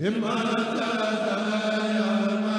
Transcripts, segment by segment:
Himmalata ya ma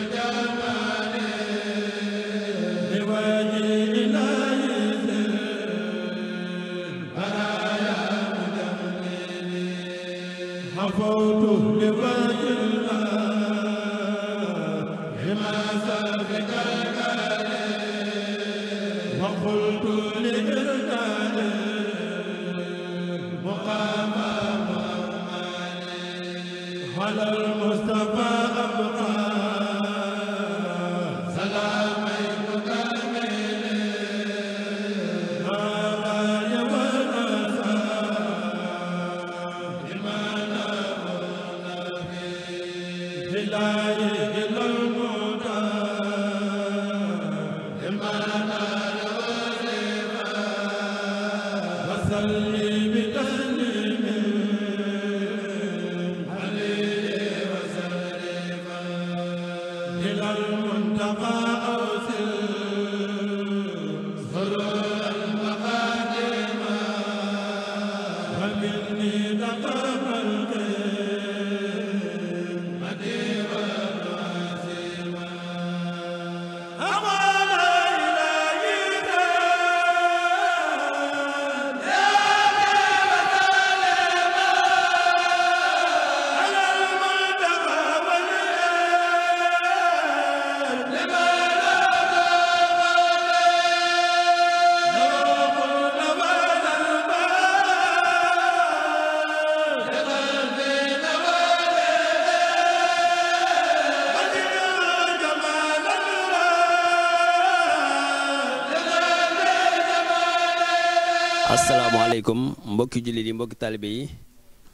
asalaamaaleykum mbokki jullit yi mbokki taalibe yi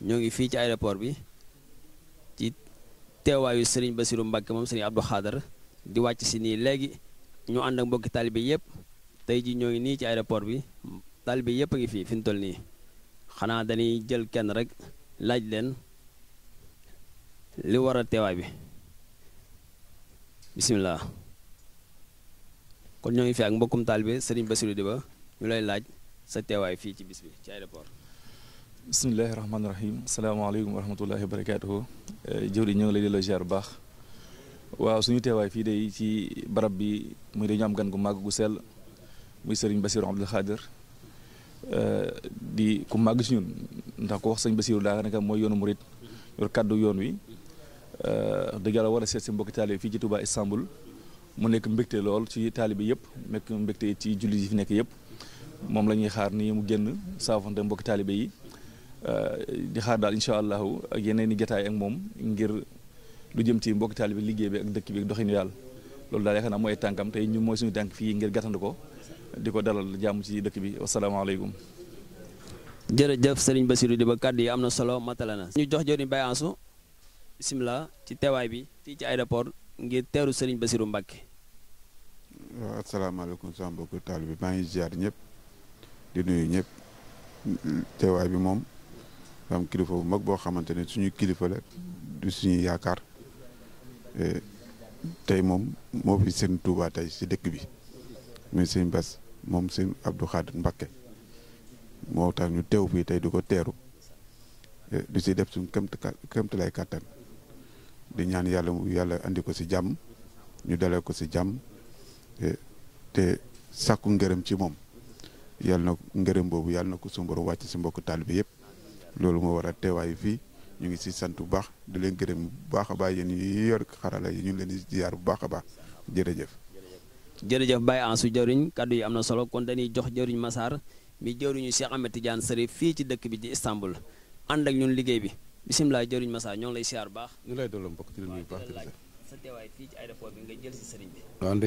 ñoo ngi fii ci aéroport bi ci teewaayu Serigne basiru Mbacke moom Serigne Abdou Khader di wàcc si nii léegi ñu ànd ak mbokki taalibe yépp tey ji ñoo ngi nii ci aéroport bi taalibe yëpp a ngi fii fi ñu toll nii xanaa dañuy jël kenn rek laaj leen li war a teewaay bi bisimilah kon ñoo ngi fii ak mbokkum taalibe basiru Bassirou Diba ñu lay laaj. sa teewaay fii ci bis bi ci aéroport. bisimilahi rahmaani rahim salaamaaleykum wa rahmatullahi wa barakaatuhu eh, jëwri ñoo ngi lay delloo ziar bu baax waaw suñu teewaay fii de ci barab bi muy dañu am gan gu màgg gu sell muy sëriñ Basiru Abdul Xaadir eh, di ku màgg ci ñun ndax ku wax sëñ Basiru daanaka mooy yoonu murit yor kàddu yoon wi eh, dëgg yàlla war a seet si mbokki taalibe fii ci Touba Istanbul mu nekk mbégte lool ci taalibe yëpp nekk mbégte ci julli yi fi nekk yëpp moom la ñuy xaar nii mu génn saafante mbokki taalibe yi euh, di xaar daal incha allahu ak yeneen i jotaay ak moom ngir lu jëm ci mbokki taalibe liggéey bi ak dëkk bi ak doxinu yàlla loolu daal yaakaar naa mooy tànkam tey ñu mooy suñu tànk fii ngir gàttandu ko di ko dalal jàmm ci dëkk bi wasalaamaaleykum. sëriñ Serigne Bassirou Diba kàddu yi am na solo matala na. ñu jox jëriñ Baye Ansou bisimilah ci teewaay bi fii ci aéroport ngir teeru sëriñ basiru Mbacke. waaw asalaamaaleykum sama mbokki ñëpp. di nuyu ñëpp teewaay bi moom am kilifa bu mag boo xamante ne suñu kilifa la du suñu yaakaar e, tey moom moo fi seen Touba tey si dëkk bi muy sëñ Bass moom sëñ Abdou Khadir Mbacké moo tax ñu teew fii tey di ko teeru e, di si def suñu kemt kemtalaay kàttan di ñaan yàlla yàlla andi ko si jàmm ñu dalee ko si jàmm e, te sàkku ngërëm ci moom yal na ngërëm boobu yal na ko suñu borom wàcc si mbokk taalibe yëpp loolu moo waral teewaayu fii ñu ngi si sant bu baax di leen gërëm bu baax a baax yéen yi yor xarala yi ñu leen di ziar bu baax a baax jërëjëf. jërëjëf Baye Ansu jëriñ kaddu yi am na solo kon dañuy jox jëriñ Massar mi jëriñu Cheikh Ahmed Tidiane Sarif fii ci dëkk bi di Istanbul ànd ak ñun liggéey bi bisimilah jëriñ Massar ñoo ngi lay ziar bu baax. ñu lay doon mbokk ci bu baax sa teewaay fii ci aéroport bi nga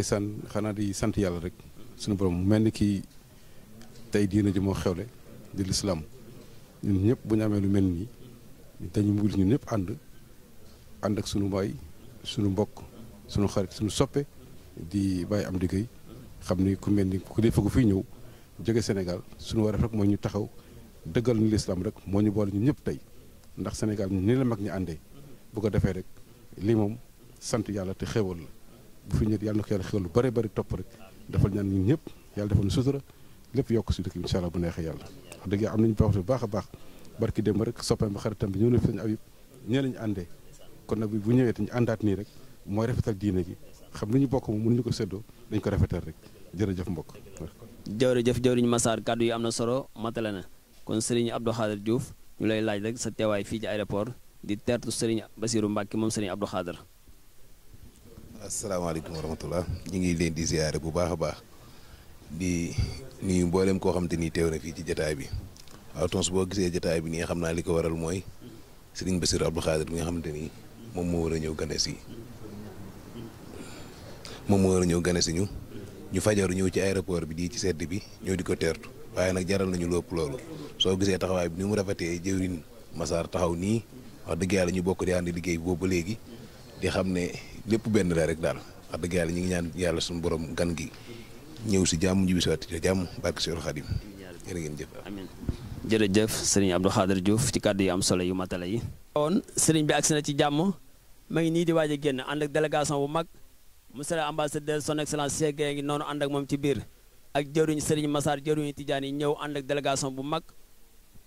xanaa di sant yàlla rek. suñu tey diina ji moo xewle di lislaam ñun ñëpp bu ñu amee lu mel nii dañu mugul ñun ñëpp ànd ànd ak sunu baay sunu mbokk sunu xarit sunu soppee di bàyyi am liggéey xam ni ku mel ni ku defa ko fii ñëw jóge Sénégal sunu wareef rek mooy ñu taxaw dëggal ni lislaam rek moo ñu boole ñun ñëpp tey ndax Sénégal ni la mag ñu àndee bu ko defee rek lii moom sant yàlla te xéwal la bu fi ñëwee yàlla na ko yàlla xéwal lu bare bari topp rek defal ñaan ñun ñëpp yàlla defal ñu sutura lépp yokk si dëkk bi bu neexee yàlla wax dëgg yàlla am nañu baax bu baax a baax barki démb rek soppeem ba xaritam bi ñëw na fi sëñ Abib ñee lañu àndee kon nag bu ñëwee ñu àndaat nii rek mooy rafetal diine gi xam li ñu bokk moom mënuñu ko séddoo dañ ko rafetal rek jërëjëf mbokk jërëjëf jëwriñ Massar kàddu yi am na solo matale na kon sëriñ Abdou Khader Diouf ñu lay laaj rek sa teewaay fii ci aéroport di teertu sëriñ Basiru mbàkki moom sëriñ Abdou Khader ñu ngi leen di ziyaare bu baax a baax di nuyu mboolem koo xam te ni teew na fii ci jataay bi waaw tons boo gisee jataay bi nii xam naa li ko waral mooy sëriñ Bassirou Abdou Khadir bi nga xam ni moom moo a ñëw gane si moom moo a ñëw gane si ñu ñu fajaru ñëw ci aéroport bi di ci sedd bi ñëw di ko teertu waaye nag jaral nañu lépp loolu soo gisee taxawaay bi ni mu rafetee jëwriñ Massar taxaw nii wax dëgg yàlla ñu bokk di ànd liggéey boobu léegi di xam ne lépp benn la rek daal wax dëgg yàlla ñu ngi ñaan yàlla suñu borom gan gi ñëw si jàmm ñibbi si waat si jàmm barke Seydou Khadim jërë ngeen jëf jërëjëf sëriñ Abdou Khader ci kàddu yu am solo yu matala yi. woon sëriñ bi agsi na ci jàmm ma ngi nii di waaj a génn ànd ak délégation bu mag monsieur le ambassadeur son excellence Cheikh Gueye ngi noonu ànd ak moom ci biir ak jëruñ sëriñ Massar jëruñu Tidiane yi ñëw ànd ak délégation bu mag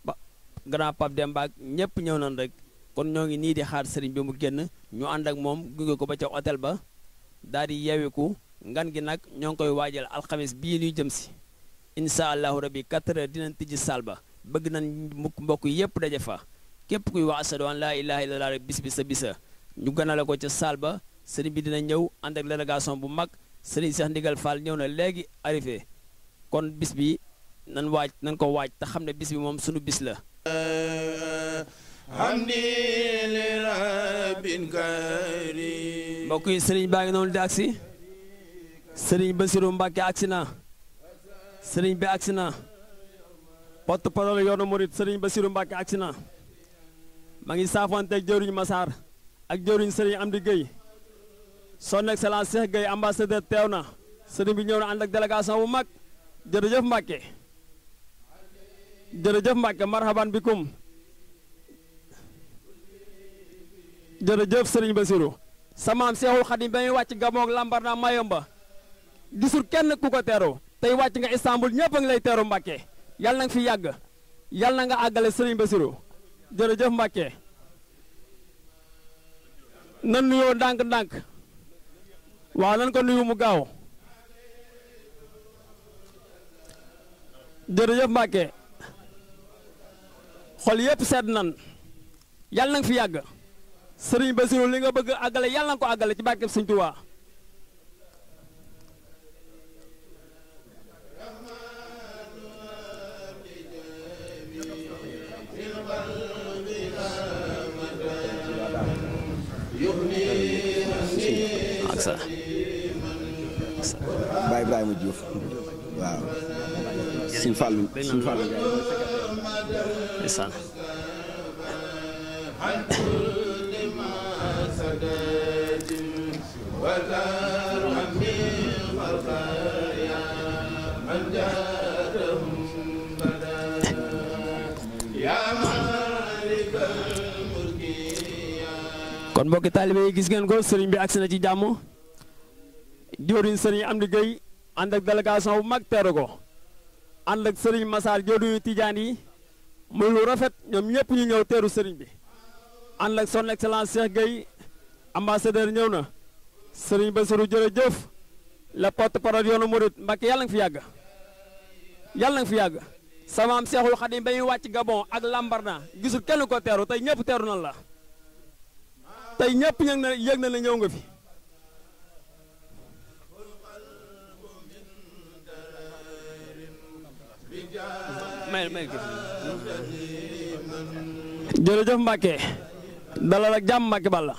ba grand Pape Demba ak ñëpp ñëw nañ rek kon ñoo ngi nii di xaar sëriñ bi mu génn ñu ànd ak moom gunge ko ba ca hôtel ba daal di yeewiku ngan gi nag ñoo ngi koy waajal alxames bii ñuy jëm si incha allahu rabi 4 dina dinañ tijji saal ba bëgg nañ mbokk mbokk yépp daje fa képp kuy wax asadu an laa ilaha illallah rek bis bi sa bisa ñu ganale ko ca saal ba sëriñ bi dina ñëw ànd ak délégation bu mag sëriñ Cheikh Ndigal Fall ñëw na léegi arrivé kon bis bi nan waaj nan ko waaj te xam ne bis bi moom sunu bis la mbokk yi sëriñ baa ngi noonu di agsi sëriñ Basiru Mbàkke agsi na sëriñ bi agsi na porte parole yoonu murit sëriñ Basiru Mbàkke agsi na ngi saafante ak jëwriñ Masaar ak jëwriñ sëriñ Amdi Gueye son excellence Cheikh Gueye ambassadeur teew na sëriñ bi ñëw na ànd ak délégation bu mag jërëjëf Mbàkke jërëjëf Mbàkke marhaban bikum jërëjëf sëriñ Basiru samaam Seexul Xadim ba muy wàcc gamoog lambar naa mayomba gisul kenn ku ko teeru tey wàcc nga Istanbul ñëpp a ngi lay teeru Mbàkke yal na nga fi yàgg yal na nga àggale Sëriñ Basiru jërëjëf Mbàkke nan nuyoo ndànk-ndànk waaw nan ko nuyu mu gaaw jërëjëf Mbàkke xol yëpp sedd nan yal na nga fi yàgg Sëriñ Basiru li nga bëgg àggale yal na nga ko àggale ci barkeb Sëriñ Tuubaa Diouf waaw Sëñ Fallou Sëñ Fallou ndeysaan kon mbokki taalibe yi gis ngeen ko sëriñ bi agsi na ci jàmm jëwriñ sëriñ Amdi Gueye ànd ak délégation bu mag teeru ko ànd ak sëriñ Massar jooduñu tiijaan yi muy lu rafet ñoom ñëpp ñu ñëw teeru sëriñ bi ànd ak son excellence Cheikh Gueye ambassadeur ñëw na sëriñ Bassirou jëf la porte parole yoonu Mouride Mbacke yàlla nga fi yàgg yàlla nga fi yàgg sama am Seexul Xadim ba ñuy wàcc Gabon ak Lambarda gisul kenn ko teeru tey ñëpp teeru nan la tey ñëpp yëg na yëg na ñëw nga fi jërëjëf Mbacke dalal ak jàmm Mbacke Balla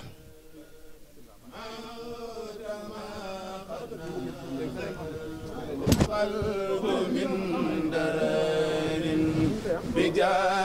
bi